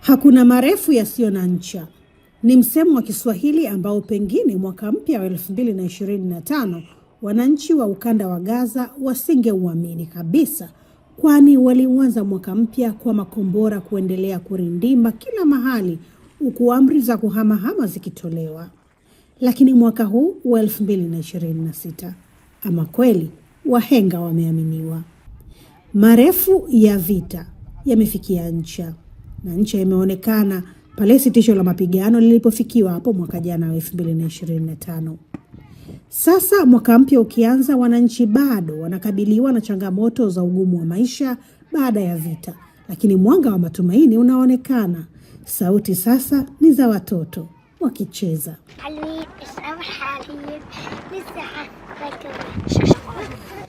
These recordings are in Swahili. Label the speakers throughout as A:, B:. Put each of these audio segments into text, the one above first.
A: Hakuna marefu yasiyo na ncha ni msemo wa Kiswahili ambao pengine mwaka mpya wa 2025 wananchi wa ukanda wa Gaza wasingeuamini kabisa, kwani waliuanza mwaka mpya kwa makombora kuendelea kurindima kila mahali, huku amri za kuhamahama zikitolewa. Lakini mwaka huu wa 2026, ama kweli wahenga wameaminiwa. Marefu ya vita yamefikia ncha na nchi imeonekana pale sitisho la mapigano lilipofikiwa hapo mwaka jana 2025. Sasa mwaka mpya ukianza, wananchi bado wanakabiliwa na changamoto za ugumu wa maisha baada ya vita, lakini mwanga wa matumaini unaonekana. Sauti sasa ni za watoto wakicheza.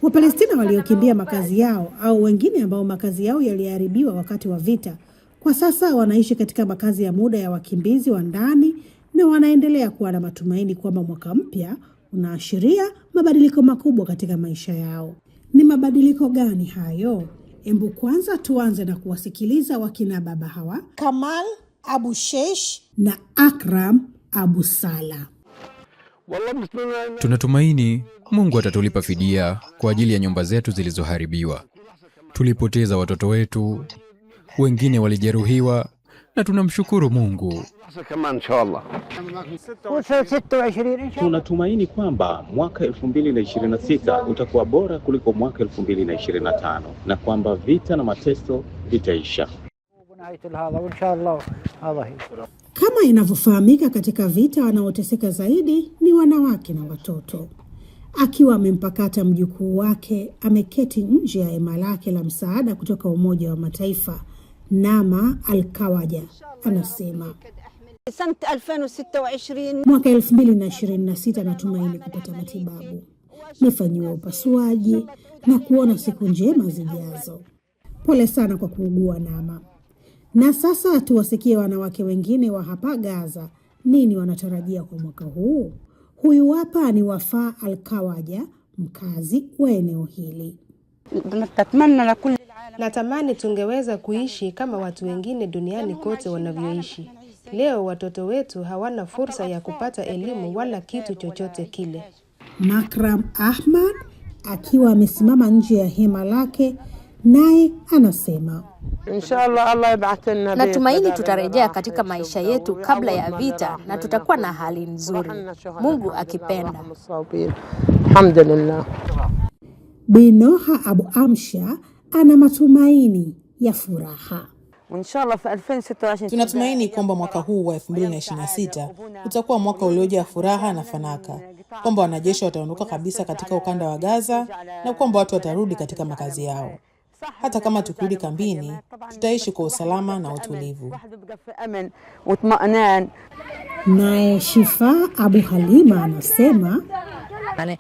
A: Wapalestina waliokimbia makazi yao au wengine ambao makazi yao yaliharibiwa wakati wa vita kwa sasa wanaishi katika makazi ya muda ya wakimbizi wa ndani na wanaendelea kuwa na matumaini kwamba mwaka mpya unaashiria mabadiliko makubwa katika maisha yao. Ni mabadiliko gani hayo? Embu kwanza tuanze na kuwasikiliza wakina baba hawa
B: Kamal Abu sheish
A: na Akram Abu Sala.
C: Tunatumaini Mungu atatulipa fidia kwa ajili ya nyumba zetu zilizoharibiwa. Tulipoteza watoto wetu, wengine walijeruhiwa, na tunamshukuru Mungu.
D: Tunatumaini kwamba mwaka 2026 utakuwa bora kuliko mwaka 2025 na kwamba vita na mateso vitaisha.
A: Kama inavyofahamika, katika vita wanaoteseka zaidi ni wanawake na watoto. Akiwa amempakata mjukuu wake, ameketi nje ya hema lake la msaada kutoka Umoja wa Mataifa Nama Alkawaja anasema mwaka 2026 natumaini kupata matibabu, nifanyiwa upasuaji na kuona siku njema zijazo. Pole sana kwa kuugua Nama. Na sasa tuwasikie wanawake wengine wa hapa Gaza nini wanatarajia kwa mwaka huu. Huyu hapa ni Wafaa Alkawaja, mkazi wa eneo hili.
E: Natamani tungeweza kuishi kama watu wengine duniani kote wanavyoishi. Leo watoto wetu hawana fursa ya kupata elimu wala kitu chochote kile.
A: Makram Ahmad akiwa amesimama nje ya hema lake naye anasema
F: natumaini tutarejea katika maisha yetu kabla ya vita na tutakuwa na hali nzuri, Mungu akipenda.
A: Binoha Abu Amsha ana matumaini ya furaha.
G: Tunatumaini kwamba mwaka huu wa 2026 utakuwa mwaka uliojaa furaha na fanaka, kwamba wanajeshi wataondoka kabisa katika ukanda wa Gaza na kwamba watu watarudi katika makazi yao. Hata kama tukirudi kambini, tutaishi kwa usalama na utulivu.
A: Naye Shifa Abu Halima anasema Yaani,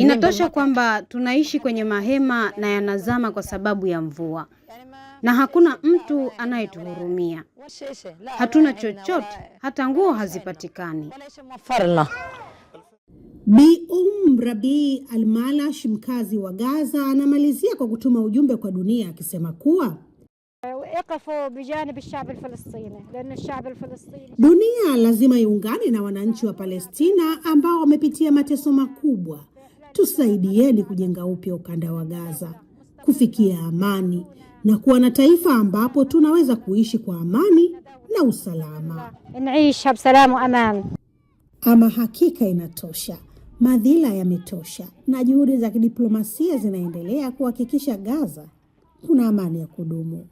H: Inatosha kwamba tunaishi kwenye mahema na yanazama kwa sababu ya mvua, na hakuna mtu anayetuhurumia. Hatuna chochote, hata nguo hazipatikani.
A: Bi Um Rabii Almalash, mkazi wa Gaza, anamalizia kwa kutuma ujumbe kwa dunia akisema kuwa اقفوا بجانب الشعب الفلسطيني لأن الشعب الفلسطيni. Dunia lazima iungane na wananchi wa Palestina ambao wamepitia mateso makubwa. Tusaidieni kujenga upya ukanda wa Gaza, kufikia amani na kuwa na taifa ambapo tunaweza kuishi kwa amani na usalama. Niisha bsalamu aman. Ama hakika inatosha, madhila yametosha, na juhudi za kidiplomasia zinaendelea kuhakikisha Gaza kuna amani ya kudumu.